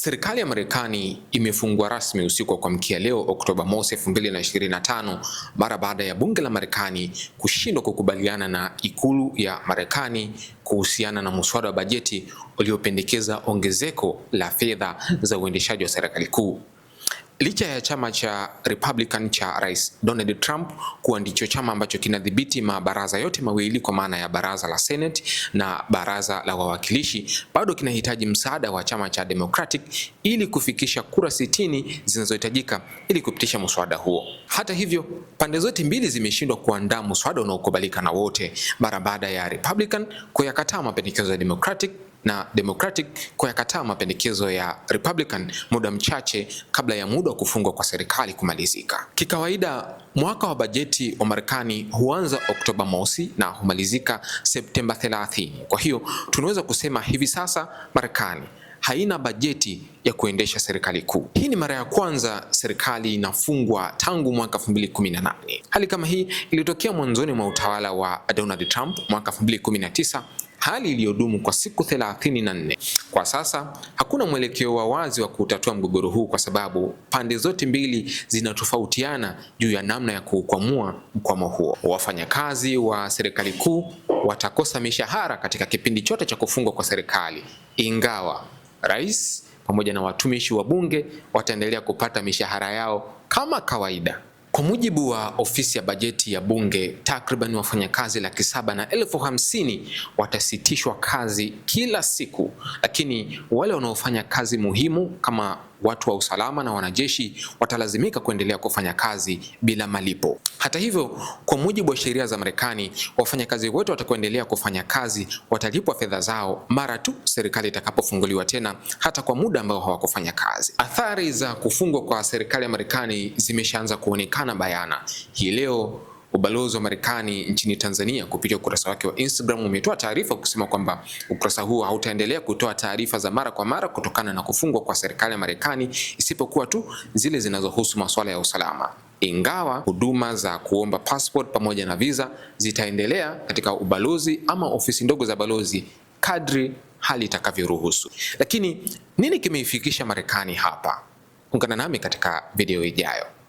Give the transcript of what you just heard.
Serikali ya Marekani imefungwa rasmi usiku wa kuamkia leo Oktoba mosi 2025 mara baada ya bunge la Marekani kushindwa kukubaliana na ikulu ya Marekani kuhusiana na muswada wa bajeti uliopendekeza ongezeko la fedha za uendeshaji wa serikali kuu. Licha ya chama cha Republican cha Rais Donald Trump kuwa ndicho chama ambacho kinadhibiti mabaraza yote mawili kwa maana ya baraza la Senate na baraza la wawakilishi, bado kinahitaji msaada wa chama cha Democratic ili kufikisha kura sitini zinazohitajika ili kupitisha mswada huo. Hata hivyo, pande zote mbili zimeshindwa kuandaa mswada unaokubalika na wote, mara baada ya Republican kuyakataa mapendekezo ya Democratic na Democratic kuyakataa mapendekezo ya Republican muda mchache kabla ya muda wa kufungwa kwa serikali kumalizika. Kikawaida, mwaka wa bajeti wa Marekani huanza Oktoba mosi na humalizika Septemba 30. Kwa hiyo tunaweza kusema hivi sasa Marekani haina bajeti ya kuendesha serikali kuu. Hii ni mara ya kwanza serikali inafungwa tangu mwaka 2018. Hali kama hii ilitokea mwanzoni mwa utawala wa Donald Trump mwaka 2019 hali iliyodumu kwa siku 34. Kwa sasa hakuna mwelekeo wa wazi wa kutatua mgogoro huu kwa sababu pande zote mbili zinatofautiana juu ya namna ya kuukwamua mkwamo huo. Wafanyakazi wa serikali kuu watakosa mishahara katika kipindi chote cha kufungwa kwa serikali, ingawa rais pamoja na watumishi wa bunge wataendelea kupata mishahara yao kama kawaida. Kwa mujibu wa ofisi ya bajeti ya Bunge, takriban wafanyakazi laki saba na elfu hamsini watasitishwa kazi kila siku, lakini wale wanaofanya kazi muhimu kama watu wa usalama na wanajeshi watalazimika kuendelea kufanya kazi bila malipo. Hata hivyo, kwa mujibu wa sheria za Marekani, wafanyakazi wote watakaoendelea kufanya kazi watalipwa fedha zao mara tu serikali itakapofunguliwa tena, hata kwa muda ambao hawakufanya kazi. Athari za kufungwa kwa serikali ya Marekani zimeshaanza kuonekana bayana hii leo. Ubalozi wa Marekani nchini Tanzania kupitia ukurasa wake wa Instagram umetoa taarifa kusema kwamba ukurasa huo hautaendelea kutoa taarifa za mara kwa mara kutokana na kufungwa kwa serikali ya Marekani isipokuwa tu zile zinazohusu masuala ya usalama. Ingawa huduma za kuomba passport pamoja na visa zitaendelea katika ubalozi ama ofisi ndogo za balozi kadri hali itakavyoruhusu. Lakini nini kimeifikisha Marekani hapa? Ungana nami katika video ijayo.